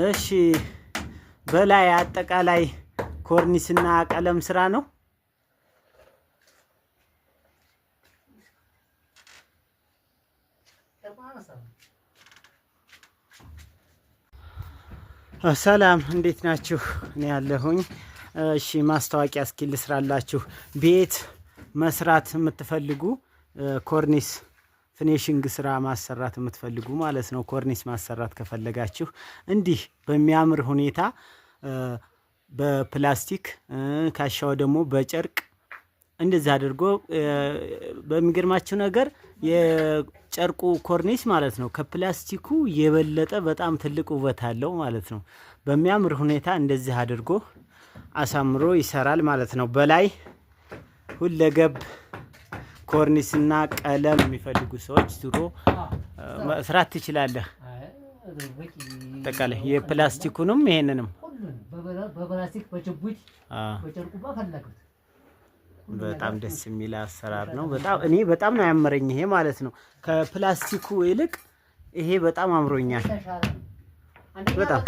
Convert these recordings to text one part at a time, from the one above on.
እሺ በላይ አጠቃላይ ኮርኒስና ቀለም ስራ ነው። ሰላም እንዴት ናችሁ? እኔ ያለሁኝ። እሺ ማስታወቂያ እስኪ ልስራላችሁ። ቤት መስራት የምትፈልጉ ኮርኒስ ፊኒሽንግ ስራ ማሰራት የምትፈልጉ ማለት ነው። ኮርኒስ ማሰራት ከፈለጋችሁ እንዲህ በሚያምር ሁኔታ በፕላስቲክ ካሻው ደግሞ በጨርቅ እንደዚህ አድርጎ በሚገርማችሁ ነገር የጨርቁ ኮርኒስ ማለት ነው ከፕላስቲኩ የበለጠ በጣም ትልቅ ውበት አለው ማለት ነው። በሚያምር ሁኔታ እንደዚህ አድርጎ አሳምሮ ይሰራል ማለት ነው። በላይ ሁለገብ ኮርኒስና ቀለም የሚፈልጉ ሰዎች ዝሮ መስራት ትችላለህ። ጠቃላይ የፕላስቲኩንም ይሄንንም በጣም ደስ የሚል አሰራር ነው። በጣም እኔ በጣም ነው ያመረኝ ይሄ ማለት ነው። ከፕላስቲኩ ይልቅ ይሄ በጣም አምሮኛል። በጣም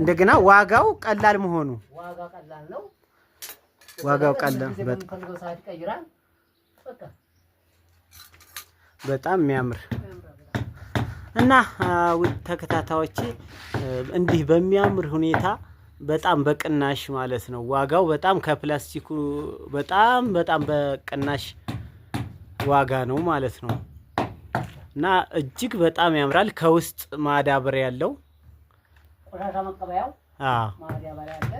እንደገና ዋጋው ቀላል መሆኑ ዋጋው ቀለ በጣም የሚያምር እና ውድ ተከታታዮቼ እንዲህ በሚያምር ሁኔታ በጣም በቅናሽ ማለት ነው። ዋጋው በጣም ከፕላስቲኩ በጣም በጣም በቅናሽ ዋጋ ነው ማለት ነው እና እጅግ በጣም ያምራል። ከውስጥ ማዳበር ያለው ቆሻሻ መቀበያው ማዳበር ያለ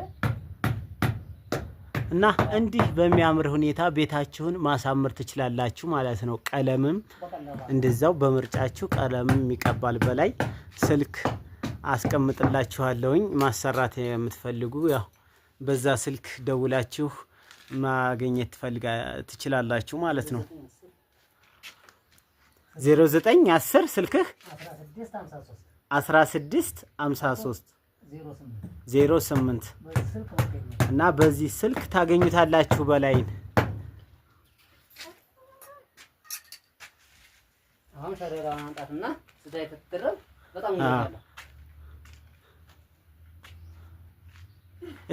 እና እንዲህ በሚያምር ሁኔታ ቤታችሁን ማሳመር ትችላላችሁ ማለት ነው። ቀለምም እንደዛው በምርጫችሁ ቀለምም ይቀባል በላይ ስልክ አስቀምጥላችኋለሁኝ። ማሰራት የምትፈልጉ ያው በዛ ስልክ ደውላችሁ ማግኘት ትፈልጋ ትችላላችሁ ማለት ነው። 0910 ስልክህ 1653 ዜሮ ስምንት እና በዚህ ስልክ ታገኙታላችሁ በላይን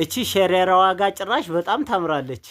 እቺ ሸረራዋ ጋር ጭራሽ በጣም ታምራለች።